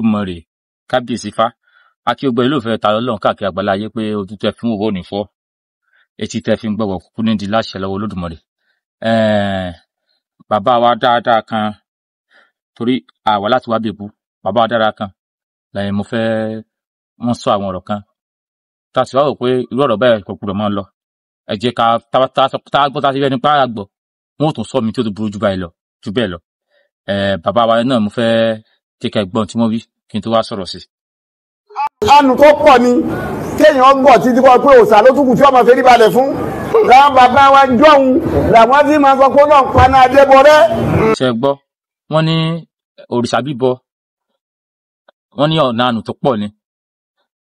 túmọ̀ rẹ̀ kábíyèsí fá akí ogbẹ olóòfẹ́ ta lọ́lọ́run káàkiri àgbàlá ayé pé ojú tẹ fi ń wò ní fọ́ etí tẹ fi ń gbọ̀wọ̀ kúkú ní di láṣẹ lọ́wọ́ Olódùmarè bàbá wa dáadáa kan torí àwa láti wá bèbú bàbá wa dáadáa kan lẹ́yìn mo fẹ́ wọ́n sọ àwọn ọ̀rọ̀ kan tá a sì wá rò pé irú ọ̀rọ̀ bẹ́ẹ̀ kò gbúdọ̀ máa lọ ẹ jẹ́ ká tá a gbọ́ tá a ti rẹ́ni pàrà gbọ́ wọn ò tún sọ mi tí ó ti burú jù báyìí lọ jù bẹ́ẹ̀ lọ bàbá wa náà mo fẹ́ jẹ́ ká gbọ́n tí wọ́n wí kí n tó wá sọ̀rọ̀ sí. àánú tó pọ̀ ni kéèyàn gbọ̀ títí kọ́ pé òòsà ló túkù tí ọmọ fèrè balẹ̀ fún làwọn bàbá wa jọ̀hún làwọn fi máa sọ pé náà paná adébọrẹ́. ṣe gbọ́ wọ́n ní òrìṣà bíbọ wọ́n ní ọ̀nà àánú tó pọ̀ ni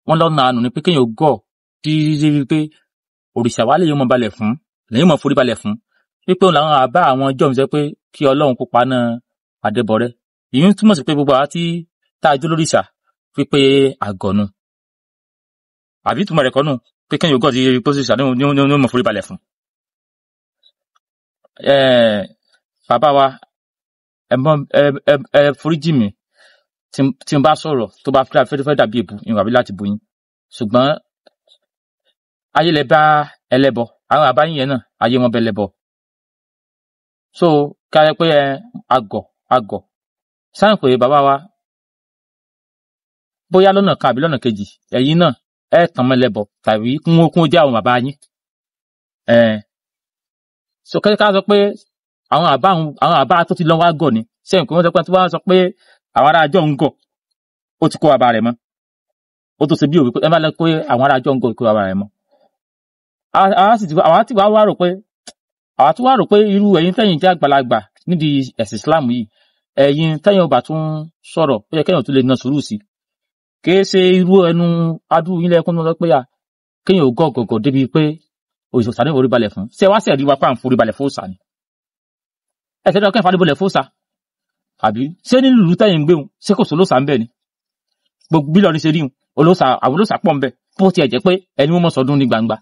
wọ́n lọ́nà àánú ni pé kéèyàn gọ̀ títí pé òrìṣà wa lè yọ ọmọ balẹ̀ fún lèyìn mọ̀ forí balẹ̀ fún pípé òun làwọn àbá àwọn jọ̀hún sọ pé kí ọlọ́run kó paná adébọrẹ́ èyí ń túmọ̀ sí pé gbogbo àwa tí tá a jó lórí ìṣà fi pé àgọ̀nù àbí ìtumọ̀ rẹ̀ kọ́ nù pé kẹ́yìn ogún ọ̀dí pósí ìṣà ní ó mọ̀ forí balẹ̀ fún. bàbá wa ẹ foríjì mi tí n bá sọ̀rọ̀ tó bá fẹ́ dàbí èbú ìwà bí láti bu yín ṣùgbọ́n ayé lẹ bá ẹlẹ́bọ àwọn àbáyín yẹn náà ayé wọn bẹ lẹ́bọ so ká yẹ pé àgọ̀ àgọ̀ sáà pé bàbá wa bóyá lọ́nà kan àbí lọ́nà kejì ẹ̀yin náà ẹ tàn mọ́ ẹlẹ́bọ tàbí kún ó kún ó jẹ́ àwọn bàbá yín so kẹ́kẹ́ ká sọ pé àwọn àbá àwọn àbá tó ti lọ wá gọ̀ ni sẹ́yìn pé wọ́n sọ pé wọ́n sọ pé àwọn ará àjọ ń gọ̀ ó ti kó bàbá rẹ̀ mọ́ ó tó ṣe bí òwe pé ẹ má lọ pé àwọn ará àjọ ń gọ̀ kó bàbá rẹ̀ mọ́ àwa sì ti àwa wá rò pé àwa ti wá rò pé irú ẹ̀yin tẹ̀yìn jẹ́ àgbàlagbà nídìí ẹ̀sìn Islam yìí ẹ̀yin tẹ̀yin ọba tún sọ̀rọ̀ ó yẹ kẹ́yàn tún lè na sùúrù sí kì í ṣe irú ẹnu adú yín lẹkùn lọ pé à kéèyàn gọ gọgọ débi pé òṣìṣẹ́ ní orí balẹ̀ fún ṣé wá sẹẹrí wa pàm forí balẹ̀ fóòsà ni ẹ ṣe dákẹ́ ìfàdé balẹ̀ fóòsà àbí ṣé nílùú tẹ̀yin gbéhùn ṣé kò sólóòsà ń bẹ ni gbogbo bílọ̀ ní ṣe rí olóòsà àwọn olóòsà pọ̀ ń bẹ bó tiẹ̀ jẹ́ pé ẹni wọ́n mọ̀ sọdún ní gbangba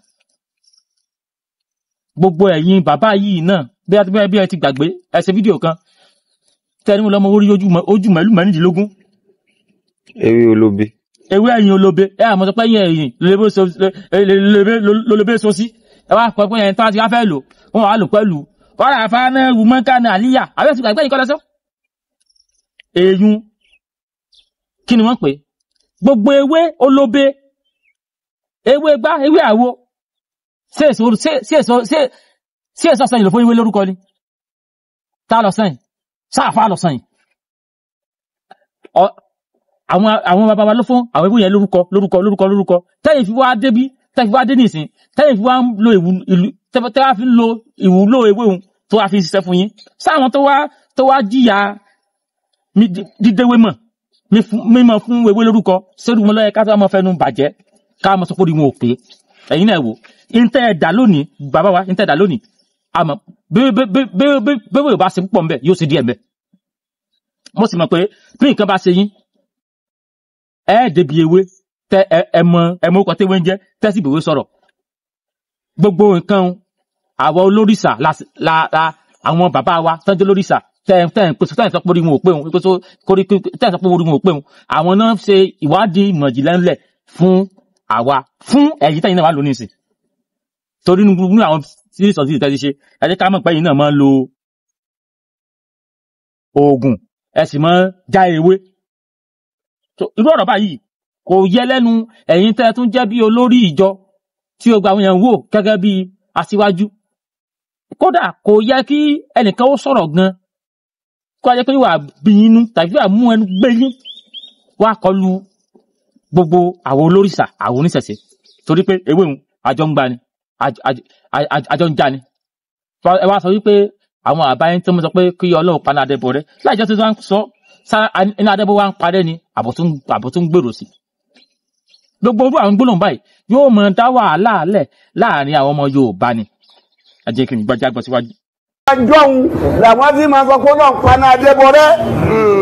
gbogbo ẹ̀yin bàbá yìí náà bí ẹ ti gbàgbé ẹ ṣe fídíò kan tẹ́rí wọn lọ́mọ orí ojú màálù mẹ́rìndínlógún. ewé olóbe. ewé ẹ̀yìn olóbe ẹ àmọ́ sọ pé ẹ̀yìn ẹ̀yìn lólobé so sí ẹ wá pẹ́ pé ẹ̀yìn tí wọ́n fẹ́ lò wọ́n wá lò pẹ̀lú ọ̀rọ̀ àfáàná ewu mọ́ká ní àlíyà abẹ́sùn àgbẹ̀ yìí kọ́ lọ́sọ́. èèyàn kí ni wọ́n pè gbogbo ewé olóbe ewé gbá ewé àwo sí èso sẹ́yìn lò fún ewé lórúkọ ni tá lọ sẹ́yìn sáàfà lọ́sàn yìí àwọn àwọn bàbá wa ló fún àwọn ewu yẹn lórúkọ lórúkọ lórúkọ lórúkọ tẹ́yìn fi wá débí tẹ́yìn fi wá dé nìsín tẹ́yìn fi wá ń lo ìlú tẹ́wà fi ń lo ìwúlò ewé òun tó wá fi ṣiṣẹ́ fún yín sáwọn tó wá tó wá jìyà dídéwé mọ̀ mímọ̀ fún ewé lórúkọ sẹ́rù mọ́ lọ́yẹ ká tó máa fẹ́nu bàjẹ́ ká máa sọ pé orí wọn ò pé ẹ̀yin náà wò ń tẹ́ ẹ̀ dà lónìí bàbá wa ń tẹ́ ẹ̀ dà lónìí àmọ́ bẹ́ẹ̀ bá ṣe púpọ̀ ńbẹ̀ yóò ṣe díẹ̀ ńbẹ̀ mo sì mọ̀ pé bí nǹkan bá ṣe yín ẹ débi ewé tẹ ẹmọ ẹmọ orúkọ tẹwé ń jẹ tẹsí ìbòwé sọ̀rọ̀ gbogbo nǹkan àwọn olórìṣà la la àwọn bàbá wa tọ́jú olórìṣà tẹ́ẹ̀ tẹ́ẹ̀ pèsè tẹ́ẹ̀ sọ pé orí wọn ò pé wọn pèsè kórí tẹ́ẹ̀ sọ pé orí wọn ò pé wọn àwọn náà ṣe ìwádìí ìmọ̀ ìjìnlẹ̀ ńlẹ̀ fún àwa fún ẹ̀yí tẹ́yìn náà wà lónìí sí torí nínú àwọn sí sọ̀tì tẹ́tí ṣe ẹ jẹ́ ká mọ̀ pẹ́yìn náà máa lo oògùn ẹ sì máa ń já ewé irú ọ̀rọ̀ báyìí kò yẹ lẹ́nu ẹ̀yin tẹ́ tún jẹ́ bí olórí ìjọ tí o gba àwọn èèyàn wò gẹ́gẹ́ bí aṣíwájú kódà kò yẹ kí ẹnìkan ó sọ̀rọ̀ gan kó a jẹ́ pé wàá bí inú tàbí wàá mú ẹnu gbé yín wá kọlu gbogbo àwọn olórìṣà àwọn oníṣẹ̀ṣe torí pé ewé òun àjọ ń gbani àjọ ń jà ni ẹ wá sọ wípé àwọn àbáyé tí wọ́n sọ pé kí Ọlọ́run paná adébọ rẹ láì jẹ́ tuntun sọ iná adébọ wa ń parẹ́ ni àbò tó ń gbèrò sí gbogbo orú àwọn gbólóhùn báyìí yóò mọ dá wàhálà lẹ láàrin àwọn ọmọ Yorùbá ni ẹ jẹ́ kí n gbọ́jà gbọ́ síwájú. ọjọ́ òun làwọn fi máa sọ pé Ọlọ́run paná adébọ rẹ. Hmm.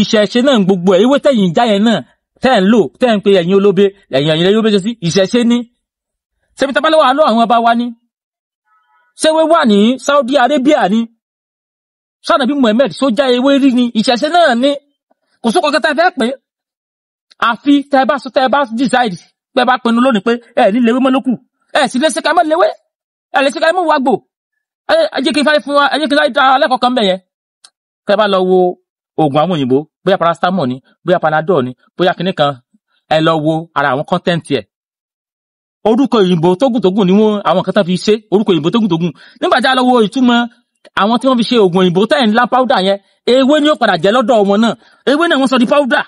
ìṣẹ̀ṣe náà gbogbo ẹ̀ ewé tẹ̀yìn já yẹn náà tẹ́ ń lò tẹ́ ń pe ẹ̀yin olóbe ẹ̀yin ẹ̀yin olóbe ṣe sí ìṣẹ̀ṣe ní ṣebí tabalẹ́wà lọ àwọn ọba wa ní ṣéwé wà ní Saudi Arabia ní sanabi Muhammad sójà ewé rí ní ìṣẹ̀ṣe náà ní kò sókò kẹta ẹ fẹ́ pé àfi tẹ bá sọ tẹ bá decide pé bá pinnu lónìí pé ẹ ní lewé mọ́lókù ẹ sì lè ṣe ká mọ́ lewé ẹ lè ṣe ká mọ́ wàgbò ẹ jẹ́ kí n fẹ́ fún wa ẹ jẹ́ kí n fẹ́ da alẹ́kọ̀ọ́ kan bẹ̀ yẹn kẹ bá lọ oògùn àwọn òyìnbó bóyá paracetamol ni bóyá panadol ni bóyá kinní kan ẹ lọ wo ara àwọn kọ́ńtẹ́ǹtì ẹ̀ orúkọ òyìnbó tógùntógùn ni wọn àwọn kan tán fi ṣe orúkọ òyìnbó tógùntógùn nígbà tí a lọ wo ìtumọ̀ àwọn tí wọ́n fi ṣe oògùn òyìnbó tẹ́yìn ńlá powder yẹn ewé ni ó padà jẹ́ lọ́dọ̀ ọmọ náà ewé náà wọ́n sọ di powder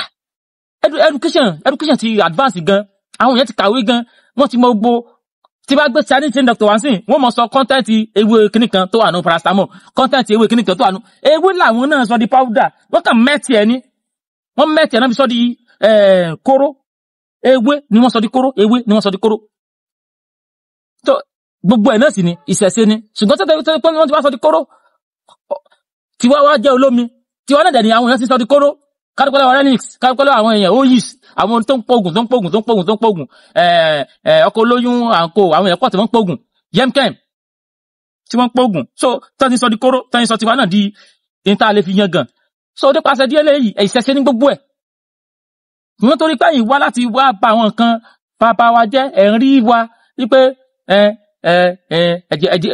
ah, education education ti advance gan àwọn yẹn ti kàwé gan wọ́n ti mọ gbogbo tí bá gbé sani chain doctor wá sí wọn mọ sọ kọńtẹ́ǹtì ewé kíní kan tó wà nù paracetamol kọńtẹ́ǹtì ewé kíní kan tó wà nù ewé làwọn náà sọ di powder wọn kàn mẹ́tì ẹ̀ ní wọn mẹ́tì ẹ̀ náà fi sọ di eh, kóró ewé ni wọn sọ di kóró ewé ni wọn sọ di kóró tó gbogbo ẹ̀ náà sì ni ìṣẹ̀ṣe ni ṣùgbọ́n tẹ́tẹ́ tẹ́tẹ́ pé wọ́n ti wá sọ di kóró tiwa wá jẹ́ olómi tiwa náà dẹ̀ ni àwọn èèyàn ti sọ di kóró kárùkọ́lọ́ orenix kárùkọ́lọ́ àwọn èèyàn oyis àwọn tó ń pògùn tó ń pògùn tó ń pògùn tó ń pògùn ọkọ̀ olóyún àǹkó àwọn èèyàn pọ̀ tí wọ́n ń pògùn yemkem tí wọ́n ń pògùn so tọ́ni sọ di kóró tọ́ni sọ tiwa náà di níta lè yan gan so nípasẹ̀ díẹ̀ lẹ́yìn ìṣẹ̀ṣe ní gbogbo ẹ̀ wọ́n torí pé ìwá láti wá ba àwọn nǹkan bàbá wa jẹ́ ẹ̀rí wa wípé ẹ ẹ ẹ ẹjẹ ẹjẹ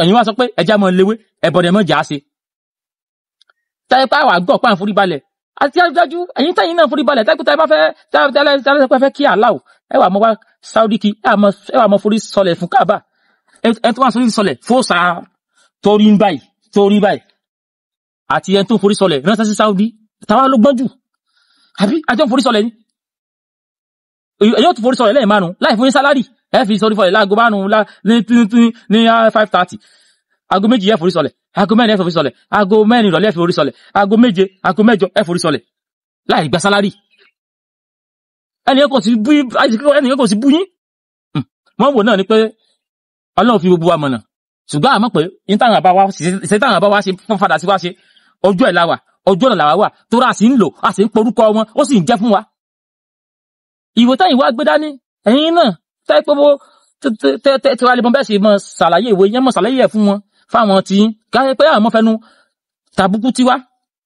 ẹ̀yin wá sọ pé ẹjẹ àmọ́ léwé ẹ̀bọ̀dẹ̀ mọ́ jà á se tẹ́pá wà gbọ́ pàǹforí balẹ̀ àti dájú ẹ̀yin tẹ̀yin náà forí balẹ̀ tẹkùtà ẹ bá fẹ́ tẹlẹsẹ pé fẹ́ kí aláwọ ẹ wà mọ wá Saudi kí ẹ wà mọ forí sọlẹ̀ fún Kaaba ẹ tó wà forí sọlẹ̀ fóòsà torí báyìí torí báyìí àti ẹ tó forí sọlẹ̀ ránṣẹ́ sí Saudi táwa ló gbọ́n jù àbí àjọ forí sọlẹ̀ ni èyí ò tún forí sọlẹ̀ lẹ́yìn márùn láì fún yín sálárì ẹ fi sọrí fọlẹ̀ láago márùn ní five thirty aago méjì yẹ forí sọlẹ̀ aago mẹ́rin ẹ forí sọlẹ̀ aago mẹ́rin ìrọ̀lẹ́ ẹ forí sọlẹ̀ aago méje aago mẹ́jọ ẹ forí sọlẹ̀ láì gba sálárì ẹnìyẹn kò sí bú ẹnìyẹn kò sí bú yín wọ́n wò náà ni pé Ọlọ́run fi gbogbo wa mọ̀nà ṣùgbọ́n àmọ́ pé ìtàn àbá wa ṣe fọ́fadà sí wa ṣe ọjọ́ ẹ̀ la wà ọjọ́ ọ̀nà làwà wà tó rà sí ń lò a sì ń porúkọ wọn ó sì ń jẹ́ fún wa. ìwé táyìn wá gbé dání ẹ̀yin náà tẹ́ pé bó tẹ́tẹ́ tẹ́wálé bọ́n bẹ́ẹ̀ sì mọ ṣàlàyé ìwé yẹn mọ ṣàlàyé ẹ̀ fún wọn fáwọn tí káyẹ pé àwọn fẹnu tàbùkù tiwa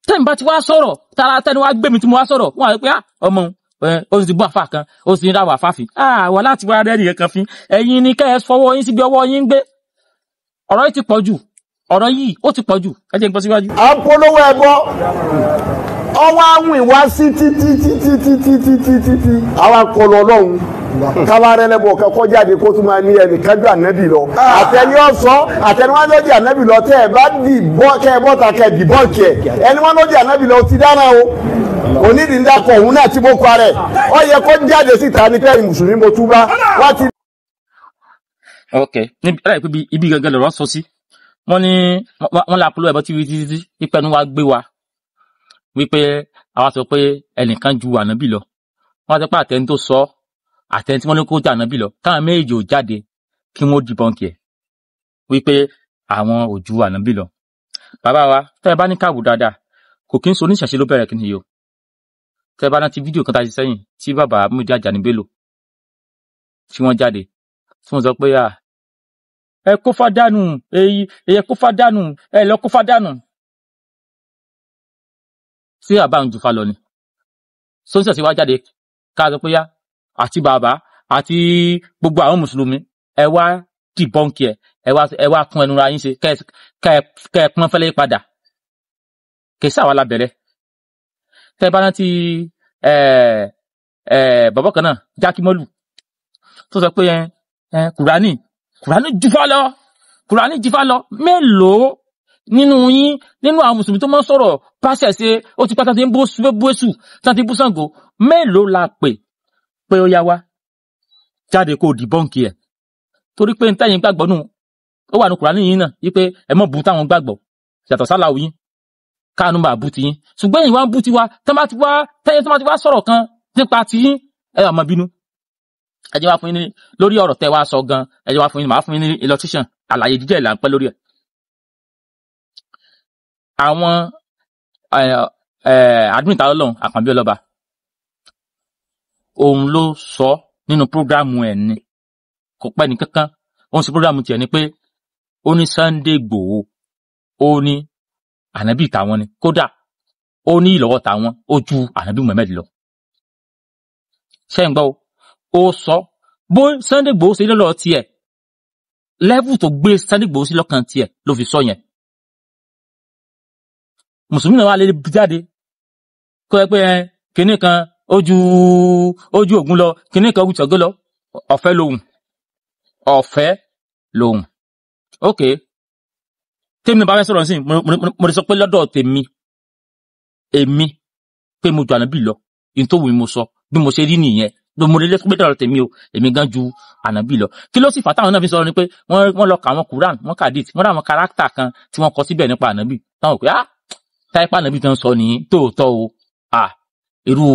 tẹ́mi bá ti wá sọ̀rọ̀ tara tẹ́ni wá gbẹ̀mí tí mo wá sọ̀rọ̀ wọn àti pé ah, ọmọ ó sì bú àfa kan o sì ń ra wàfà fi ah, àwa láti wá rẹ́ẹ̀rì yẹn kan fi ẹ̀yin ni kẹ́ ẹ fọwọ́ yín síbi ọwọ́ yín gbé ọ̀rọ̀ yìí ti pọ̀ jù ọ̀rọ̀ yìí ó ti pọ̀ jù ẹ jẹ́ n gbọ́ síwájú. à ń polówó ẹbọ ọwọ́ awìn wá sí títí títí títí títí títí kábàárẹ̀ lẹ́bọ̀ kẹ́kọ́ jáde kó tún máa ní ẹnì kájú ànábì lọ àtẹni ọ̀sọ́ àtẹni wọn lọ́dí ànábì lọ tẹ́ ẹ bá dì bọ́ bọ́ta kẹ́ dì bọ́ ẹni wọn lọ́dí ànábì lọ ti dára o onídìndakọ̀ òun náà ti bó kọ́ ọ yẹ kó jáde síta ní pẹ́ẹ́rì mùsùlùmí mo túbá wá ok níbi láì ibi gẹ́gẹ́ lọ̀rọ̀ sọ sí wọ́n ní wọ́n la polówó ẹbọ títí títí ipa wa gbé wa wípé àwa sọ pé ẹnìkan ju ànábì lọ wọn sọ pé àtẹni tó sọ àtẹni tí wọn ní kó já ànábì lọ káwọn méjì ò jáde kí wọn ó dìbọnkì ẹ wípé àwọn ò ju ànábì lọ bàbá wa tẹ́ ẹ bá ní káàbù dáadáa kò kí n so oníṣẹ̀ṣe ló bẹ̀rẹ̀ kìnìyàn o tẹ́ ẹ bá rántí fídíò kan tá a ṣe sẹ́yìn tí bàbá Múyìdí Àjàní Bello tí wọ́n jáde tí wọ́n sọ pé ẹ kó fádánù ẹ kó fádánù ẹ lọ kó fádánù ṣé àbá ń ju fa lọ ni sọ́nsẹ̀ sì wá jáde ká sọ pé yá àti bàbá àti gbogbo àwọn mùsùlùmí ẹ wá dìbọ́ǹkì ẹ ẹ wá kún ẹnu ra yín ṣe kẹ ẹ pọ́n fẹ́lẹ́ padà kìí ṣàwọn alábẹ̀rẹ̀ tẹ́ bá rántí bàbá kan náà jákímọ́lù tó sọ pé kùránì kùránì jùfà lọ kùránì jùfà lọ mélòó nínú yín nínú àwọn mùsùlùmí tó máa ń sọ̀rọ̀ pàṣẹ ṣe ó ti pátá ti ń bó bóṣù tá ti bú Ṣàngó mélòó la pè pé ó yá wá jáde kó dìbọ́ǹkì ẹ̀ torí pé ntẹ́yìn gbàgbọ́ nù ó wà ní Kùránì yín náà wípé ẹ mọ̀ bu táwọn gbàgbọ́ yàtọ̀ sáláwù yín káànú máa bu ti yín ṣùgbọ́n ìwà ń bu ti wa tẹ́ bá ti wá tẹ́yìn tó bá ti wá sọ̀rọ̀ kan nípa ti yín ẹ wà mọ́ bínú ẹ jẹ́ wá fún yín lórí ọ̀rọ̀ tẹ́ wá sọ gan ẹ jẹ́ wá fún yín màá fún yín ní illustration àlàyé dídẹ̀ là ń lórí ẹ̀ àwọn àdúmìtà ọlọ́run àkànbí ọlọ́ba òun ló sọ nínú prógrámù ẹ̀ ni kò pẹ́ ní kankan òun sì prógrámù tiẹ̀ ni pé ó ní Sunday Igboho ó ní ànábì tàwọn ni kódà ó ní ìlọ́wọ́ tàwọn ó ju ànábì Muhammad lọ sẹ́yìn gbọ́ ó sọ bó Sunday Igboho ṣe lọ́lọ́ tiẹ̀ lẹ́bù tó gbé Sunday Igboho sí lọ́kàn tiẹ̀ ló fi sọ yẹn mùsùlùmí náà wà lè jáde kó yẹ pé ẹ kinní kan ojú ojú ògún lọ kinní kan ojú ṣọ̀gọ́ lọ ọ̀fẹ́ lòun ọ̀fẹ́ lòun ok tèmi bá fẹ́ sọ̀rọ̀ sí mo lè sọ pé lọ́dọ̀ tèmi èmi pé mo jù ànábì lọ ní tó wù mí mo sọ bí mo ṣe rí nìyẹn mo lè lẹ́sùn pé dọ̀rọ̀ tèmi o èmi gan ju ànábì lọ kí ló sì fà táwọn náà fi sọ̀rọ̀ ni pé wọ́n lọ kà àwọn Quran wọ́n kà dìtì wọ́n rà àwọn kárátà kan tí wọ́n kọ síbẹ̀ nípa ànábì táwọn pé ah táìpà nàbí tán sọ ní tòótọ́ o à irú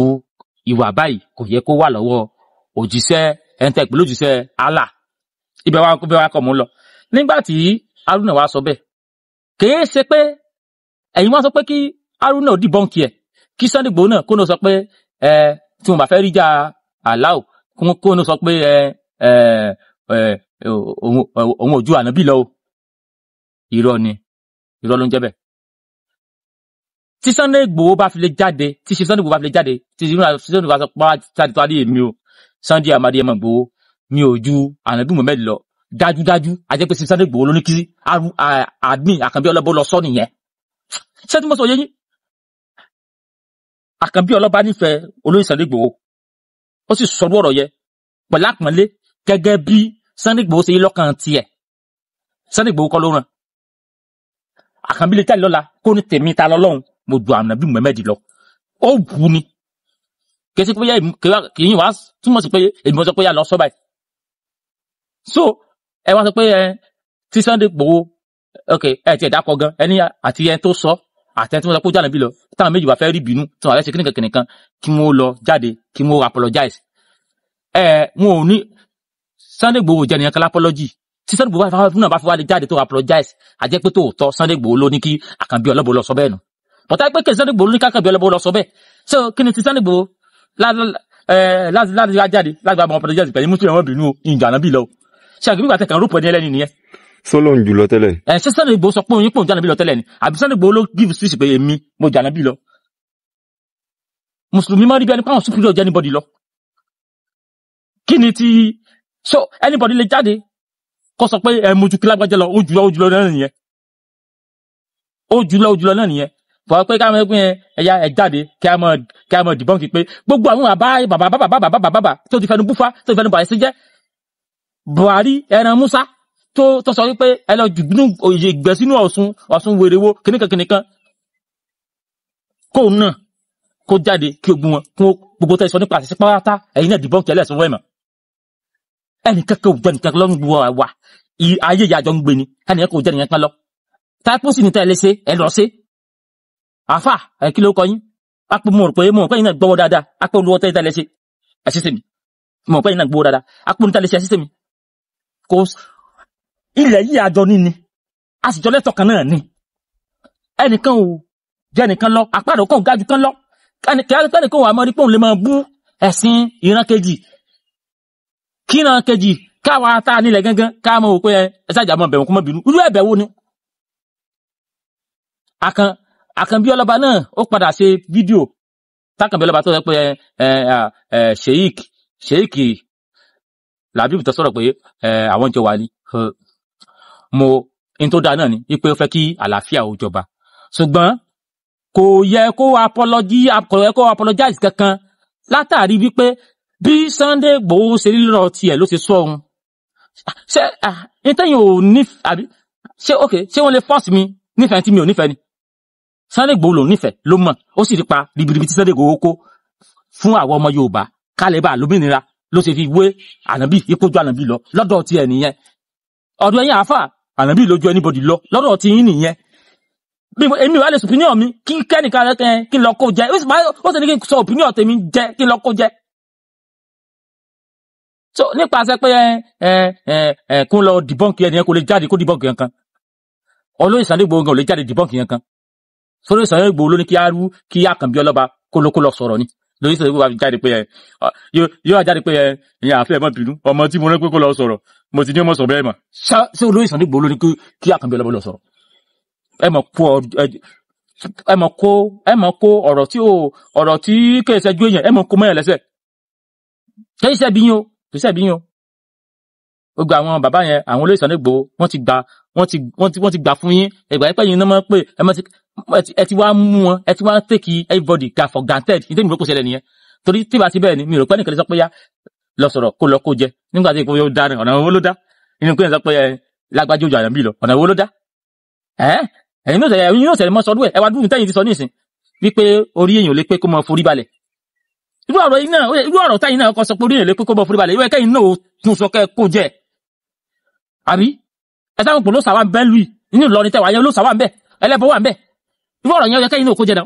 ìwà báyìí kò yẹ kó wà lọ́wọ́ òjíṣẹ́ ẹ̀ńtẹ́ pẹ̀lú òjíṣẹ́ Allah ibẹ̀ wa kó bẹ́ẹ̀ wá kọ̀ mú lọ nígbà tí Haruna wa sọ bẹ́ẹ̀ kèé ṣe pé ẹ̀yin wá sọ pé kí Haruna ò dìbọ́ǹkì ẹ̀ kí Sunday Igboho náà kó náà sọ pé ẹ tí mo bá fẹ́ rí jà aláò kó náà sọ pé ẹ ẹ òun òjú ànábì lọ o irọ́ ni irọ́ ló ń jẹ́ bẹ́ẹ̀ tí Sunday Igboho bá fi lè jáde tí ṣe Sunday Igboho bá fi lè jáde tí ṣe Sunday Igboho bá sọ pa jáde tó adé mi o Sunday Amadi ẹmọ Igboho mi ò ju ànábì Muhammed lọ dájúdájú àjẹpẹ ṣe Sunday Igboho lóní kiri admin Àkànbí Ọlọ́ba lọ sọ nìyẹn ṣé tí mo sọ yé yín Àkànbí Ọlọ́ba nífẹ̀ẹ́ olóyè Sunday Igboho ó sì sọdún ọ̀rọ̀ yẹ pẹ̀lú àpọ́nlé gẹ́gẹ́ bí Sunday Igboho ṣe yí lọ́kàn tiẹ̀ Sunday Igboho kọ́ ló ràn Àkànbí lè jáde lọ́la kó ní tèmi ta lọ́lọ́run mo ju ànábì Muhammad lọ ó wù ni kèsì pé yá kìyìn wá túmọ̀ sí pé èmi sọ pé yá lọ sọ báyìí so ẹ wá sọ pé ẹ tí Sunday Igboho ok ẹ ti ẹ̀dá kọ gan ẹni àti ẹni tó sọ àtẹni tí wọ́n sọ pé ó jáde bí lọ táwọn méjì wà fẹ́ rí bínú tí wọ́n fẹ́ ṣe kíníkan kíníkan kí wọ́n lọ jáde kí wọ́n apologize ẹ wọn ò ní Sunday Igboho jẹ́ nìyẹn kan apology tí Sunday Igboho náà bá fi wá lè jáde tó apologize àjẹ́ pé tòótọ́ Sunday Igboho ló ní kí Àkànbí Ọlọ́bọ̀ lọ sọ bẹ́ẹ̀ nù bọ̀tá pé kèsì sẹ́nìgbò ní kákẹ́ ìbíọ́lẹ́bọ̀ lọ sọ bẹ́ẹ̀ so kí ni ti sẹ́nìgbò láti láti jáde láti bá àwọn ọmọdé jáde pẹ̀lú mùsùlùmí ọmọbìnrin nù ìjà náà bì lọ ṣe àgbẹ̀ nígbà tẹ̀kàn rúpọ̀ ní ẹlẹ́ni nìyẹn. sọlọ ń jùlọ tẹ́lẹ̀. ẹ ṣé sẹ́nìgbò sọ pé òun pòun jànàbí lọ tẹ́lẹ̀ ni àbí sẹ́nìgbò ló give speech pé èmi mo jànàbí lọ. mùsùlùmí máa rí bí ẹni pàwọn superior jẹ́ anybody lọ. kí ni ti so anybody lè jáde kó sọ pé ẹ mojú kí lágbájá lọ ó jùlọ ó jùlọ náà nìyẹn ó jùlọ ó jùlọ náà nìyẹn fọ pé ká mọ̀ pé ẹ̀yà ẹ̀ jáde kí a mọ̀ kí a mọ̀ dìbọn kí pé gbogbo àwọn bàbá bàbá bàbá bàbá bàbá bàbá tó ti fẹnu búfa tó ti fẹnu bàyẹ̀ sí jẹ́ Buhari ẹran Musa tó tó sọ wípé ẹ lọ jùgbínú òye ìgbẹ́ sínú Ọ̀ṣun Ọ̀ṣun wèrèwo kìnnìkan kìnnìkan kóun náà kó jáde kí ogun wọn kún gbogbo tẹsán nípa àṣìṣe pátá ẹ̀yin náà dìbọn kẹlẹ ẹsùn wẹmọ ẹnìkan kò jẹ nìkan lọ ń gbọ wa ayé ìyá àjọ ń gbé ni ẹnìkan kò jẹ nìkan lọ táìpọsì ní tẹlẹ ṣe ẹ lọ ṣe àáfà ẹ kí ló kọ yín a pé mo rò pé mo rò pé yín náà gbọ́wọ́ dáadáa a pé olúwọ́ tẹ́lẹ̀ ṣe àṣìṣe mi mo rò pé yín náà gbọ́wọ́ dáadáa a pé onítàlẹ̀ mi kò ilẹ̀ yìí àjọ ní ni a sì jọ lẹ́tọ̀ kan náà ni ẹnìkan ò jẹ́ nìkan lọ apá rẹ̀ kàn gájú kan lọ kẹ́nìkan wà á mọ́ rí pé òun lè máa bú ẹ̀sìn ìran kejì kí ìran kejì káwa tá a nílẹ̀ gángan ká mọ̀ wò pé ẹ ṣáàjà mọ̀ bẹ̀wò kó mọ̀ bínú irú ẹ̀bẹ̀wò ni. akan àkànbí ọlọ́ba náà ó padà ṣe fídíò tákànbí ọlọ́ba tó sọ pé sheik sheik labib tó sọ̀rọ̀ pé àwọn jọ wà ní mo in tó dáa náà ni wípé ó fẹ́ kí àlàáfíà ó jọba ṣùgbọ́n kò yẹ kó apọlọjí kò yẹ kó apọlọjáìsì kankan látàrí wípé bí Sunday Igboho ṣe lílọ tiẹ̀ ló ṣe sọ ohun ṣé ntẹ́yìn ò ní àbí ṣé ok ṣé wọ́n lè fọ́ọ̀sì mi nífẹ̀ẹ́ tí mi ò nífẹ̀ẹ́ ni Sunday Igboho lòun nífẹ̀ẹ́ ló mọ̀ ó sì rí pa ribiribi tí Sunday Igboho kó fún àwọn ọmọ Yorùbá kálẹ̀ bá lómìnira ló ṣe fi wé ànábì ìkójú ànábì lọ lọ́dọ̀ tiẹ̀ nìyẹn ọ̀dọ̀ ẹ̀yin àáfà ànábì lójú anybody lọ lọ́dọ̀ ti yín nìyẹn bí èmi wà lè sọ opinion mi kí kẹ́nìkan rẹ̀ kí n lọ kó jẹ ó sì ní kí n sọ opinion tèmi jẹ kí n lọ kó jẹ so nípasẹ̀ pé ẹ ẹ ẹ kó lọ dìbọ́ǹkì ẹnìyẹn kó lè jáde kó dìbọ́ǹkì yẹn kan olóyè Sunday Igboho gan ò lè jáde dìbọ́ǹkì yẹn kan sórí Sunday Igboho ló ní kí arú kí Àkànbí Ọlọ́ba kólókó lọ sọ̀rọ̀ ni lórí Sunday Igboho wa jáde pé ẹ ah, yóò jáde pé ẹ eh, ìyá àfẹ́ ẹ̀mọ́ bínú ọmọ tí mo rán pé kó lọ sọ̀rọ̀ mo ti ní ọmọ sọ bẹ́ẹ̀ mọ̀ ṣé lórí Sunday Igboho ló ní kí Àkànbí Ọlọ́ba lọ sọ̀rọ̀ ẹ kó ọ̀rọ̀ tí ò ọ̀rọ̀ tí kẹsẹ̀ ju èèyàn ẹ kó mọ́ lẹ́sẹ̀ kẹsẹ̀ bí yín o gbogbo àwọn bàbá yẹn àwọn olóyè Sunday Igboho wọ́n ti gbà wọ́n ti wọ́n ti wọ́n ti gbà fún yín ẹgbà yẹn pẹ yín náà mọ̀ pé ẹ ti wá mú wọn ẹ ti wá take everybody ga for granted ní tèmi ló kó ṣẹlẹ̀ nìyẹn torí tí bá ti bẹ́ẹ̀ ni mi rò pé nìkan sọ pé yá lọ sọ̀rọ̀ kó lọ kó jẹ nígbà tí ìpòyò dá ọ̀nà owó ló dá inú pé ẹ̀ sọ pé ẹ lágbájú ojú àyànbí lọ ọ̀nà owó ló dá ẹ̀yin yóò sẹ̀rẹ̀ yóò sẹ̀rẹ̀ mọ́ sọdún dúró tẹ́yìn ti sọ nísìn wípé orí èèyàn ò lè pé kó mọ forí balẹ̀ irú ọ̀rọ̀ táyìn náà kọ́ sọ pé orí èèyàn ò lè pé kó mọ forí balẹ̀ ìwé kẹ́yìn náà tún sọ kẹ́ kó jẹ́ àbí ẹ sáwọn pò lóòsà wà ń bẹ lùí nínú Ìlọrin tẹwàá yẹ lóòsà wà ń bẹ ẹlẹ́bọ wà ń bẹ irú ọ̀rọ̀ yẹn ó yẹ kẹ́yìn náà kó jẹ náà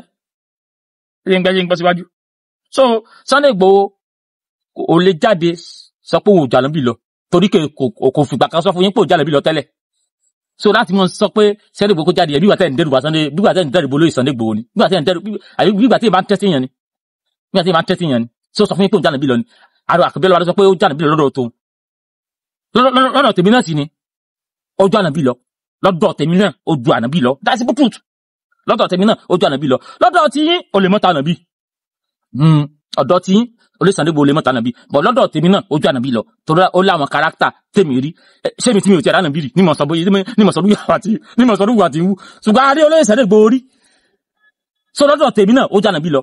ṣe ń gbẹ ṣe ń gbọ síwájú so Sunday Igboho ò lè jáde sọ pé òun ò jà lóbi lọ torí kò fìgbà kan sọ fún yín pé òun jà lóbi lọ tẹ́lẹ̀ so láti mọ sọ pé Sunday Igboho kó jáde yẹn bí gbàtẹ́ ń dẹ́rù bá Sunday bí gbàtẹ́ ń dẹ́rù bó lóye Sunday Igboho ni bí gbàtẹ́ ń dẹ́rù bí gbàtẹ́ bá ń tẹ́sí yẹn ni bí gbàtẹ́ bá ń tẹ́sí yẹn ni so sọ fún lọ́dọ̀ tèmi náà sì ni ó ju ànábì lọ lọ́dọ̀ tèmi náà ó ju ànábì lọ that's the truth lọ́dọ̀ tèmi náà ó ju ànábì lọ lọ́dọ̀ tí yín ò lè mọ́ta ànábì hmm, ọ̀dọ̀ tí yín ò lè sàndégbò lè mọ́ta ànábì bọ̀ lọ́dọ̀ tèmi náà ó ju ànábì lọ torí ó láwọn kárátà tèmi rí ṣé mi tí mi ò ti ànábì rí ní mọ̀sán bóyá ní mọ̀sán lúwà tí ní mọ̀sán lúwà tí wú ṣùgbọ́n adé olóyè sàndégbò rí so lọ́dọ̀ tèmi náà ó ju ànábì lọ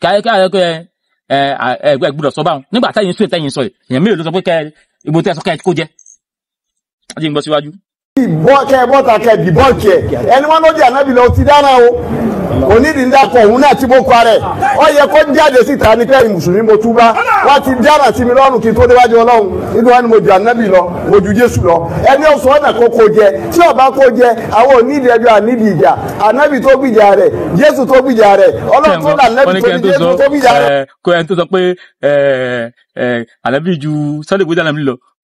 kí ayẹkẹ́ ayẹkẹ́ ẹ ẹ gbúdọ̀ sọ báwọn nígbà táyìn sọ ìtẹ́yìn sọ ẹ̀ èèyàn mélòó ló sọ pé kẹ́ ibo tẹ́ sọ ká ẹ kó jẹ láti ń bọ́ síwájú ìbọ́kẹ́ bọ́tàkẹ́ dìbọ́kẹ́ ẹni wọn ló jẹ́ ànábì lọ ti dáná o kò ní ìdí ńdakọ̀ òun náà tí mo kọ́ rẹ̀ ọ yẹ kó jáde síta ní kẹ́rin mùsùlùmí mo túbá wá ti dáná sí mi lọ́rùn kí n tó déwájú ọlọ́run nínú wọn ni mo ju ànábì lọ mo ju jésù lọ ẹni ọ̀sán ọ̀nà kó kó jẹ tí ọba kó jẹ àwọn onídìí ẹjọ́ ànídìí ìjà ànábì tó gbìjà rẹ̀ jésù tó gbìjà rẹ̀ ọlọ́run tó là ànábì tó ní jésù tó gbìjà rẹ̀. kó ẹni tó sọ pé ànábì ju sálẹ̀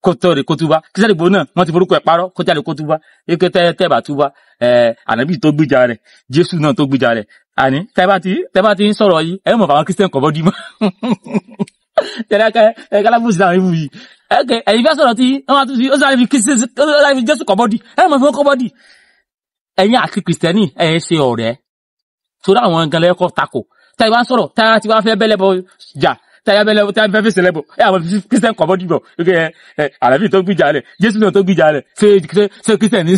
kó tọrẹ kó túbá kí sáré ìbò náà wọn ti forúkọ ẹ parọ kó jáde kó túbá eke tẹ tẹ bá túbá ẹ ànábì tó gbìjà rẹ jésù náà tó gbìjà rẹ àní tẹbá ti ń sọ̀rọ̀ yìí ẹ mọ fàwọn kristian kọbọ dì mọ tẹlẹ ká ẹ kálábùsì náà ìwù yìí ẹkẹ ẹyin fẹ sọ̀rọ̀ tí wọn tún fi ó sáré fi kristian ó sáré fi jésù kọbọ dì ẹ mọ fún kọbọ dì ẹyin àti kristiani ẹ ṣe ọ̀rẹ́ torí àwọn gan lẹkọ tako tá táyà bẹ́lẹ̀ táyà fẹ́ fèsì lẹ́bọ̀ ẹ àwọn christian kọ̀ bọ́dí bọ̀ ẹ ẹ àlàfíì tó gbìjà rẹ̀ jésù náà tó gbìjà rẹ̀ ṣé ṣé christian ní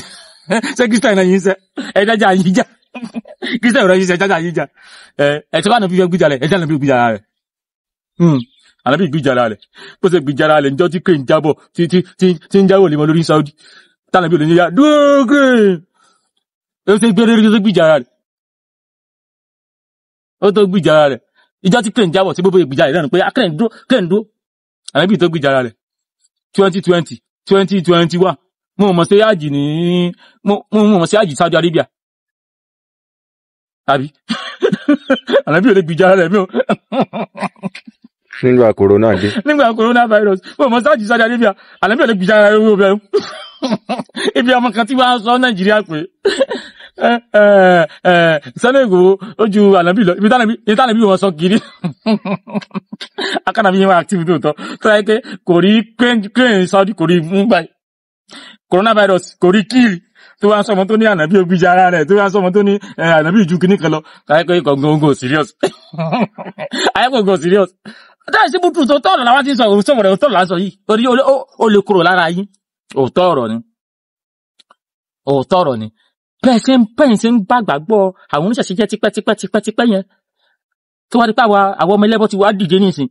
ṣé christian náà yín sẹ́ ẹ jájà yín já christian rẹ̀ yín sẹ́ jájà yín já ẹ ẹ tí wọ́n àná fi fẹ́ gbìjà rẹ̀ ẹ jáná fi gbìjà rẹ̀ hmm. àlàfíì gbìjà rẹ̀ bó ṣe gbìjà rẹ̀ njọ́ tí kéè ń jábọ̀ tí tí tí ń jábọ̀ lé mọ́ lórí Saudi tánà bí olóyìn yá dúró kéè ó ṣe gbẹ́rẹ́rẹ́ tó gbìjà rẹ̀ ó tó ìjọ tí crane jábọ̀ tí gbogbo ìgbìjà rẹ̀ náà pé ah, crane dúró crane dúró ànábì tó gbìjà rẹ̀ twenty twenty twenty twenty one mo mọ̀ sí àjì ní mo mọ̀ sí àjì sáájú arábíà àbí ànábì ò lè gbìjà rẹ̀ mi o. nígbà corona dé. nígbà corona virus mo mọ̀ sí àjì sáájú arábíà ànábì ò lè gbìjà rẹ̀ mi o bẹ́ẹ̀ ibi ọmọ kan tí wọ́n á sọ nàìjíríà pé Eh, eh, eh, oju ojú lọ ibi sọ kiri akánàbí yẹn wà active tó tọ́ tó yẹ pé kò rí crane Saudi kori rí coronavirus kò rí kíìlì tó wá to ní ànábì ògbìjà ara rẹ̀ tó wá ń sọmọ ní ànábì ìjú kìíní kan lọ go serious serious si sọ ni ni bẹ́ẹ̀ ṣe ń bẹ́yìn ṣe ń bá gbàgbọ́ àwọn oníṣẹ̀ṣe jẹ́ tipẹ́tipẹ́tipẹ́tipẹ́ yẹn tó wá di pàwọ́ àwọn ọmọ ẹlẹ́bọ ti wá dìde nísìn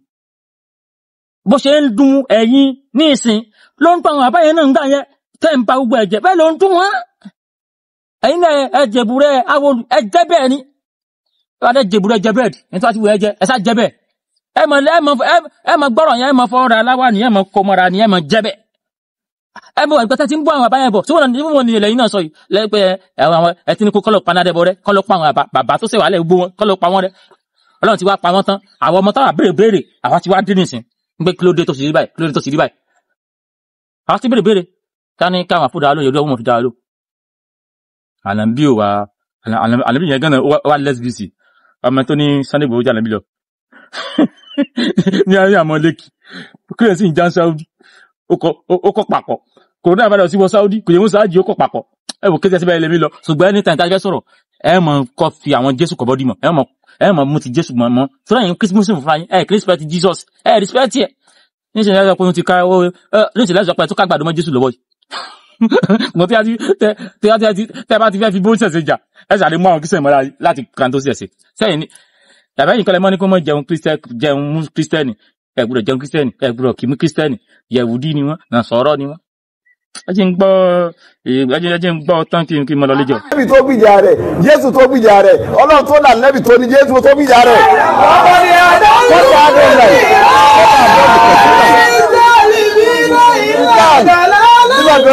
bó ṣe ń dun ẹ̀yìn nísìn ló ń pa àwọn àbá yẹn náà ń gbà yẹn tẹ́ ń ba gbogbo ẹ̀jẹ̀ bẹ́ẹ̀ ló ń dún wọn ẹ̀yin náà ẹ̀jẹ̀ búrẹ́ àwọn ẹ̀jẹ̀ bẹ́ẹ̀ ni ẹ̀jẹ̀ ẹ̀jẹ̀ búrẹ́ ẹ̀jẹ̀ jẹ́ bẹ́ẹ̀ ẹ mọ̀ gbọ́rọ̀ yẹn ẹ ẹ bọ ìgbà tí a ti ń bọ àwọn àbá yẹn bọ tí wọn ní wọn ní lẹ́yìn náà sọ yìí lẹgbẹ àwọn ẹ ti ní kó kọlọ pa náà dẹbọ rẹ kọlọ pa àwọn bàbá tó ṣèwà lẹ gbó wọn kọlọ pa wọn rẹ Ọlọ́run ti wá pa wọn tán àwọn ọmọ táwa béèrè béèrè àwa ti wá dín nìsín ń gbé kílódé tó sì rí báyìí kílódé tó sì rí báyìí àwa ti béèrè béèrè ká ní káwọn àfúdà ló yẹlú ọmọ fi dá ló. àlàbí ò wá àlàbí yẹn gánà wà lẹ́sbìsì ọmọ tó ní Sunday gbòójà àlàbí lọ ní ayé àmọ́ lẹ́kì kúrẹ́sì ń já sáwùdí ó kọ papọ̀ corona virus wọ Saudi kò yẹ wọn sáájì ó kọ papọ̀ ẹ wò kéde síbẹ̀ lèmi lọ ṣùgbọ́n ẹni tàn tàbí sọ̀rọ̀ ẹ mọ̀ kọ́ fi àwọn Jésù kọ̀ bọ́dí mọ̀ ẹ mọ̀ ẹ mọ̀ mo ti Jésù mọ̀ mọ́ fúnra yẹn kírísímùsì fúnra yẹn ẹ kírísípẹ́tì Jesus ẹ rísípẹ́tì ẹ níṣẹ́ láti ọkùnrin ti ká ẹ níṣẹ́ láti ọkùnrin tó ká gbàdúmọ̀ Jésù lọ́wọ́ mo tí a ti tẹ tẹ tẹ tẹ bá ti fẹ́ fi bó ṣẹ̀ṣẹ̀ jà ẹ ṣàlẹ̀ mú àwọn kí sẹ́yìn mọ́ra láti kan tó ṣẹ̀ṣẹ̀ sẹ́yìn ni tàbí ẹ̀yìn kọ́lẹ̀ mọ́ ní kó mọ́ jẹun kírísítẹ́nì ẹ gbọ́dọ̀ jẹun kírísítẹ́nì ẹ gbọ́dọ̀ kìmí kírísítẹ́nì yẹ̀wùdí ni wọ́n nàṣọ́rọ́ ni wọ́n. ẹ jẹ́ ń gbọ́ ẹ e, jẹ́ ń gbọ́ tán kí n kí n mọ lọ lẹ́jọ́. lẹ́bi tó gbìjà rẹ̀ jésù tó gbìjà rẹ̀ ọlọ́run tó là lẹ́bi tó ní jésù tó gbìjà rẹ̀. ọkọ̀ ni àdó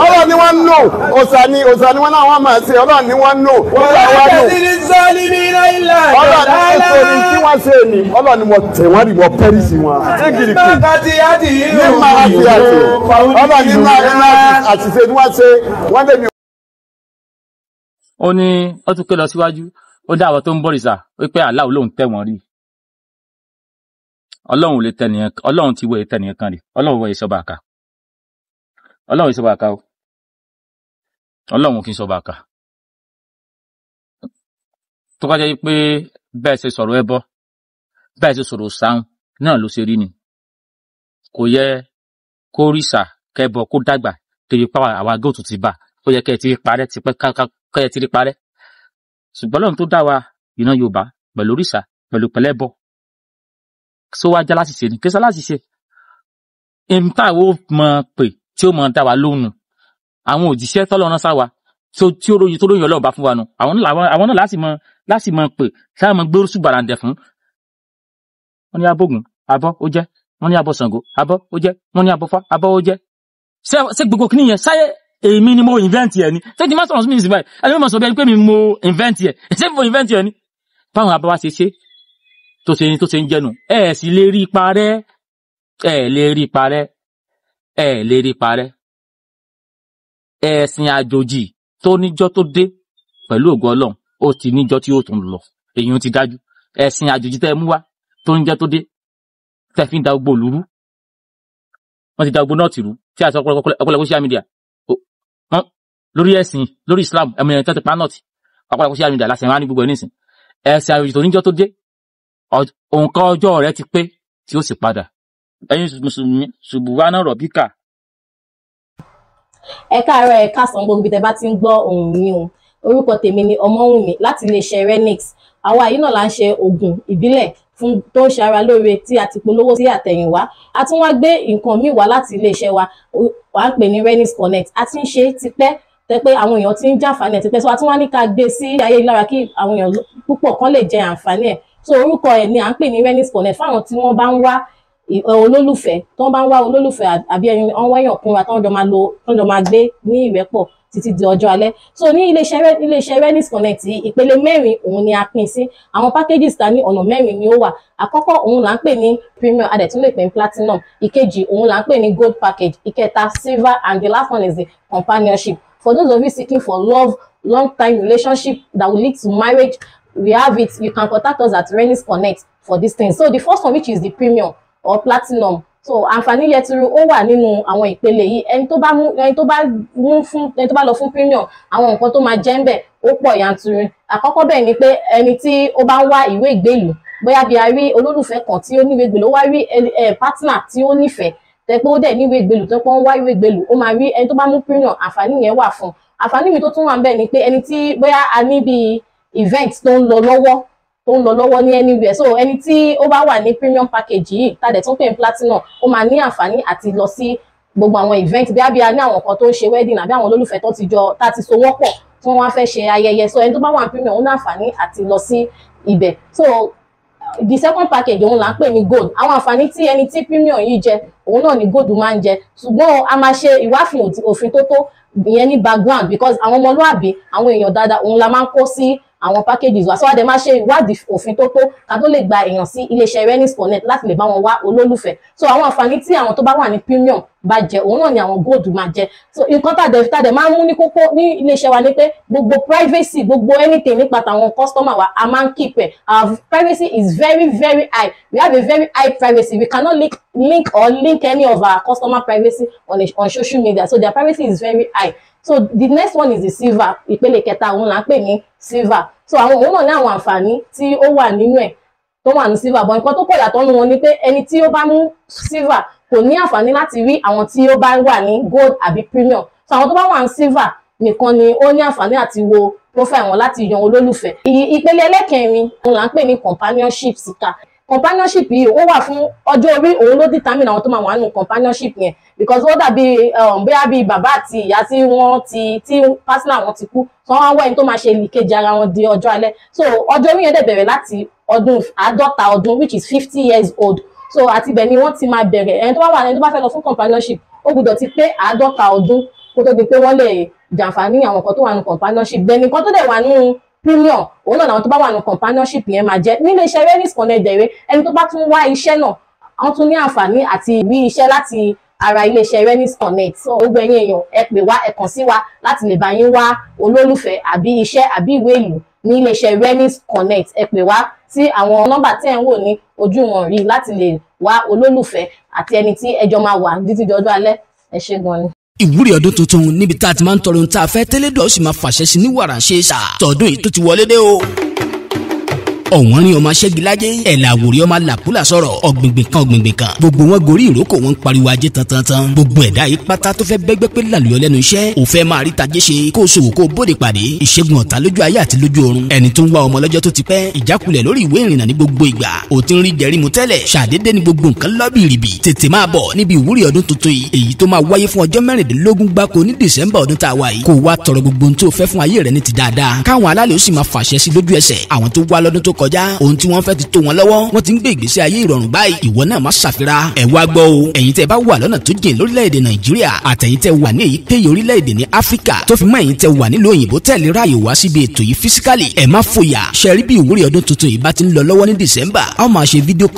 ọlọ́run ni wọ́n ń lò òsà ni òsà ni wọ́n náà wọ́n máa ṣe ọlọ́run ni wọ́n ń lò nígbà wọ́n lò ọlọ́run ni sori tí wọ́n ṣe ni ọlọ́run ni mo tẹ̀ wọ́n rí mo pẹ́rìsì wọn. ní máa kàti àti ọlọ́run ni máa ní àṣìṣe tí wọ́n ṣe wọ́n lè mi. ó ní ó tún ké lọ síwájú ó dá àwọn tó ń bọ̀rìṣà wípé aláwo lòun tẹ̀ wọ́n rí ọlọ́run lè tẹ̀ nìyẹn ọlọ́run ti wọ ìtẹ̀ nìyẹn kan rí ọlọ́run wọ ìṣọba àká ọlọ́run ìṣọba àká o ọlọ́run kì í ṣọba àká tó bá jẹ́ pé bẹ́ẹ̀ ṣe sọ̀rọ̀ ẹbọ bẹ́ẹ̀ ṣe sọ̀rọ̀ sáhùn náà ló ṣe rí ni kò yẹ kó rìṣà kẹbọ kó dàgbà torí pàwọ àwa góòtù ti bà ó yẹ kẹ́ ẹ ti rí parẹ́ tipẹ́ kẹ́ ẹ ti rí parẹ́ ṣùgbọ́n lọ́run tó dá wa ìran yorùbá pẹ̀lú rìṣà pẹ̀lú pẹ̀lẹ́bọ sọ wá já láti ṣe ni kí sọ láti ṣe ìmúta wo mọ̀ pé tí ó mọ dá wa lóhùn àwọn òjíṣẹ́ tọ́lọ́run sáwa tí ó ròyìn tó ròyìn Ọlọ́run bá fún wa nù àwọn náà láti mọ láti mọ pè táwọn mọ gbórúsù gbàràǹdẹ fún. wọ́n ní abógun abọ́ ó jẹ́ wọ́n ní abọ́ Ṣàngó abọ́ ó jẹ́ wọ́n ní abọ́fá abọ́ ó jẹ́. ṣé gbogbo kìíní yẹn sáyé èmi ni mo invent yẹn ni ṣé ti má sọ̀rọ̀ sí mi ìsìnbáyé ẹni mo sọ bí ẹni pé mi mo invent yẹn ṣé mo invent yẹn ni. báwọn abọ́ wa ṣe ṣe tó ṣe ń jẹnu ẹ lè rí ipa rẹ ẹ lè rí ipa rẹ ẹ ẹ̀ lè rí parẹ́ ẹ̀sìn àjòjì tó níjọ́ tó dé pẹ̀lú ògo ọlọ́run ó ti níjọ́ tí ó tún lọ èyí ti dájú ẹ̀sìn àjòjì tẹ́ ẹ mú wá tó níjọ́ tó dé tẹ́ fi ń da gbogbo òlu rú wọ́n ti da gbogbo nọ́ọ̀tì rú tí a sọ ọ̀pọ̀lọpọ̀ social media lórí ẹ̀sìn lórí Islam ẹ̀mọ ìrìn tó ti pa nọ́ọ̀tì ọ̀pọ̀lọpọ̀ social media lásìkò wá ní gbogbo ẹ̀ nísìn ẹ̀sìn àjòjì tó níjọ́ tó dé òǹkà ọjọ́ rẹ̀ ti pé tí ó sì padà ẹ̀yin mùsùlùmí ṣùbùwánà rọbíkà. ẹ káàárọ̀ ẹ káàsán gbogbo ibi tẹ́ bá ti ń gbọ́ ohùn mi o orúkọ tèmi ni ọmọwùnmi láti iléeṣẹ́ renix àwa yìí náà là ń ṣe oògùn ìbílẹ̀ fún tó ń ṣara lóore tí a ti polówó sí àtẹ̀yìnwá a tún wá gbé nǹkan míì wá láti iléeṣẹ́ wa wàá pè ní renix connect a ti ń ṣe tipẹ́ tẹ pé àwọn èèyàn ti ń jàǹfààní ẹ̀ tipẹ́ so a tún wá ní ká gbé sí ayélujára kí àwọn èèyàn púpọ̀ kan lè jẹ àǹfààní ẹ̀ so orúkọ ẹ̀ ni à ń pè ní renix connect fáwọn tí wọ́n bá ń wá olólùfẹ́ tó ń bá ń wá olólùfẹ́ àbí ẹyin ọ̀wọ́ èèyàn kúnra tó ń jọ máa lo tó ń jọ máa gbé ní ìrẹ́pọ̀ títí di ọjọ́ alẹ́ so ní iléeṣẹ́ iléeṣẹ́ Rennies Connect ìpele mẹ́rin òun ni a pín sí àwọn packages ta ní ọ̀nà mẹ́rin ni ó wà àkọ́kọ́ òun là ń pè ní premium adẹ̀ tún lè pè ní platinum ìkejì òun là ń pè ní gold package ìkẹta silver and the last one is the companionship for those of you seeking for love long time relationship that will lead to marriage we have it you can contact us at Rennies Connect for this thing so the first one which is the premium or platinum so àǹfààní yẹtìrú ó wà nínú àwọn ìpele yìí ẹni tó bá mú ẹni tó bá mú fún ẹni tó bá lọ fún premium àwọn nǹkan tó máa jẹ́ ń bẹ̀ ó pọ̀ yanturu àkọ́kọ́ bẹ́ẹ̀ ni pé ẹni tí ó bá ń wá ìwé ìgbélú bóyá bí a rí olólùfẹ́ kan tí ó níwèé gbèlú ó wá rí partner tí ó nífẹ̀ẹ́ tẹpẹ́ ó dẹ̀ níwèé gbèlú tẹpẹ́ ó ń wá ìwé ìgbélú ó máa rí ẹni tó bá mú premium àǹfààní yẹn wà fún àǹfààní mi tó tún wà ń bẹ̀ ni pé ẹni tí bóyá a ní bíi event tó ń lọ lọ́wọ́ tó ń lọ lọ́wọ́ ní anywhere so ẹni tí ó bá wà ní premium package yìí tàdé tó ń pè ní platinum ó máa ní àǹfààní àti lọ sí gbogbo àwọn event bí abíyá ní àwọn kan tó ń ṣe wedding àbí àwọn olólùfẹ́ tó ti jọ tá ti so wọ́n pọ̀ tí wọ́n wá fẹ́ ṣe ayẹyẹ so ẹni tó bá wà ní premium ó ní àǹfààní àti lọ sí ibẹ̀ so the second package òun là ń pè ní gold àwọn àǹfààní tí ẹni tí premium yìí jẹ òun náà ni gold máa ń jẹ ṣùgbọ́n a máa ṣe ìwáfin òfin tó tó ìyẹn ní background because àwọn ọmọlúàbí àwọn èèyàn dáadáa òun la máa ń kó sí àwọn packages wa so a dẹ̀ máa ṣe ìwádìí òfin tó tó ká tó lè gba èèyàn sí iléeṣẹ́ Awareness Connect láti lè bá wọn wá olólùfẹ́ so àwọn àǹfààní tí àwọn tó bá wà ní premium bá jẹ òun náà ni àwọn gold máa jẹ so nǹkan tàdé tàdé máa ń mú ní kókó ní iléeṣẹ́ wa ni pé gbogbo privacy gbogbo anything nípa tàwọn customer wa a máa ń keep ẹ̀ our privacy is very very high we have a very high privacy we cannot link link or link any of our customer privacy on, a, on social media so their privacy is very high so the next one is the silver ìpele kẹta òun là ń pè ní silver so àwọn òun náà ní àwọn àǹfààní tí ó wà nínú ẹ̀ tó wà ní silver But nǹkan tó kọ̀ yàtọ̀ nínú wọn ni pé ẹni tí ó bá mú silver kò ní àǹfààní láti rí àwọn tí ó bá wà ní gold àbí premium so àwọn tó bá wà ní silver nìkan ni ó ní àǹfààní àti wo profile wọn láti yan olólùfẹ́ ìpele ẹlẹ́kẹrin òun là ń pè ní companionship síta companionship yìí ó wà fún ọjọ́ orí òun ló determine àwọn tó máa wà nù companionship yẹn because ó dàbí um, bóyá bíi bàbá àti ìyá tí wọ́n ti tí partner wọn ti kú so wọ́n wá ẹni tó máa ṣe ìkejì ara wọn di ọjọ́ alẹ́ so ọjọ́ orí yẹn dẹ̀ bẹ̀rẹ̀ láti ọdún àádọ́ta ọdún which is fifty years old so àti ibẹ̀ ni wọ́n ti máa bẹ̀rẹ̀ ẹni tó bá wà ẹni tó bá fẹ́ lọ fún companionship ó gbọ́dọ̀ ti pé àádọ́ta ọdún kó tó di pé wọ́n lè jàǹfààní àwọn nǹkan tó companionship then nǹkan tó dẹ̀ wà nù pillion òun náà làwọn tó bá wà ní companionship yẹn máa jẹ́ nílé iṣẹ́ renis kọ̀nẹ́dẹ̀rẹ́ ẹni tó bá tún wá iṣẹ́ náà wọ́n tún ní àǹfààní àti rí iṣẹ́ láti ara iléeṣẹ́ renis connect gbogbo ẹ̀yin èèyàn ẹ pè wá ẹ kàn sí wa láti lè bá yín wá olólùfẹ́ àbí iṣẹ́ àbí ìwé ìlú ní iléeṣẹ́ renis connect ẹ pè wá sí àwọn nọ́mbà tí ẹ̀ ń wò ní ojú wọn rí láti lè wá olólùfẹ́ àti ẹni tí ẹjọ́ máa wà títí dọjọ́ alẹ́ ẹ ṣé gan ni ìwúrí ọdún tuntun níbi tá a ti máa ń tọrọ ohun tá a fẹ́ tẹ́lẹ̀dọ̀ ó sì máa fàṣẹ sí ní wàrà ṣe é ṣá tọdún yìí tó ti wọlé dé o ọ̀wọ́n rin ọmọ aṣẹ́gilájẹ́ ẹ̀là àwòrí ọmọ làkúlà sọ̀rọ̀ ọ̀gbìngbìn kan ọ̀gbìngbìn kan gbogbo wọn gorí ìrókò wọn ń pariwo ajé tantantan gbogbo ẹ̀dá yìí pátá tó fẹ́ bẹ́gbẹ́ pé làlùyọ lẹ́nu iṣẹ́ ò fẹ́ máa rí tajé ṣe kó o ṣòwò kó o bóde pàdé ìṣègùn ọ̀tá lójú ayé àti lójú ọ̀run ẹni tó ń wá ọmọ lọ́jọ́ tó ti pẹ́ ìjákulẹ̀ lórí ìwé ìrìnnà ní gbogbo ìgbà ò ti ń rí jẹrímu tẹ́lẹ̀ ṣàdédé ní gbogbo nǹkan lọ́bìrìbì tètè máa bọ̀ níbi ìwúrí ọdún tuntun yìí èyí tó máa wáyé fún ọjọ́ mẹ́rìndínlógún gbáko ní dẹ̀sẹ̀mbà ọdún tá a wà yìí kó wá tọrọ gbogbo ohun tó fẹ́ fún ayé rẹ̀ ní ti dáadáa káwọn alálẹ̀ ó sì máa fàṣẹ sí lójú ẹsẹ̀ àwọn tó wá lọ́dún tó k kọjá ohun tí wọ́n fẹ́ ti tó wọn lọ́wọ́ wọ́n ti ń gbé ìgbésí ayé ìrọ̀rùn báyìí ìwọ náà má ṣàfira ẹ̀ wá gbọ́ o ẹ̀yin tẹ́ bá wà lọ́nà tó jìn lórílẹ̀ nàìjíríà àtẹ̀yin tẹ́ wà ní èyíkéyìí orílẹ̀ ní áfíríkà tó fi mọ́ ẹ̀yin tẹ́ wà nílùú òyìnbó tẹ̀lé ráàyè wá síbi ètò yìí físíkàlì ẹ̀ má fòyà ṣẹ́rí bí ìwúrí ọdún tuntun yìí bá ti ń lọ lọ́wọ́ ní december a ó máa ṣe fídíò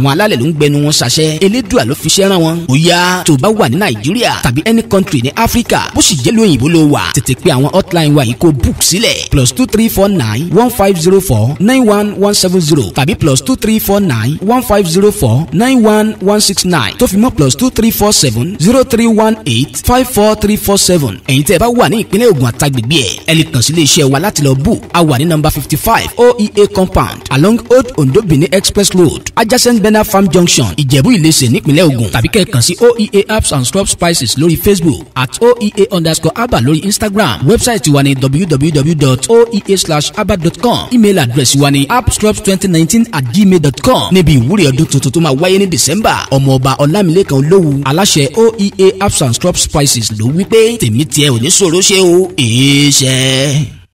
kọ́l gbẹnu wọn ṣàṣẹ elédùà ló fi ṣẹ́ rán wọn. ó yá tó bá wà ní nàìjíríà tàbí any country ní áfíríkà bó sì jẹ́ lóyìnbó ló wà tètè pé àwọn hotline wa yìí kó book sílẹ̀ plus two three four nine one five zero four nine one one seven zero tàbí plus two three four nine one five zero four nine one one six nine tó fi mọ́ plus two three four seven zero three one eight five four three four seven ẹ̀yin tẹ́ ẹ bá wà ní ìpínlẹ̀ Ògùn àtàgbègbè ẹ̀ ẹ lè kàn sí iléeṣẹ́ wa láti lọ bù a wà ní nọ́mbà fifty five oea compound along old ondo benin express road adjacent bena farm junction junction ìjẹ̀bú ìlẹsẹ̀ nípínlẹ̀ Ògùn tàbí kẹ́ẹ̀kan sí oea apps and crop spices lórí facebook at oea underscore aba lórí instagram wẹ́bsáìtì wa ní www.oea/aba.com email address wa ní appscrops2019 at gmail.com níbi ìwúrí ọdún tuntun tó máa wáyé ní december ọmọọba ọlámilẹ́kan olówu aláṣẹ oea apps and crop spices ló wí pé tèmi tiẹ̀ ò ní ṣòro ṣe o èé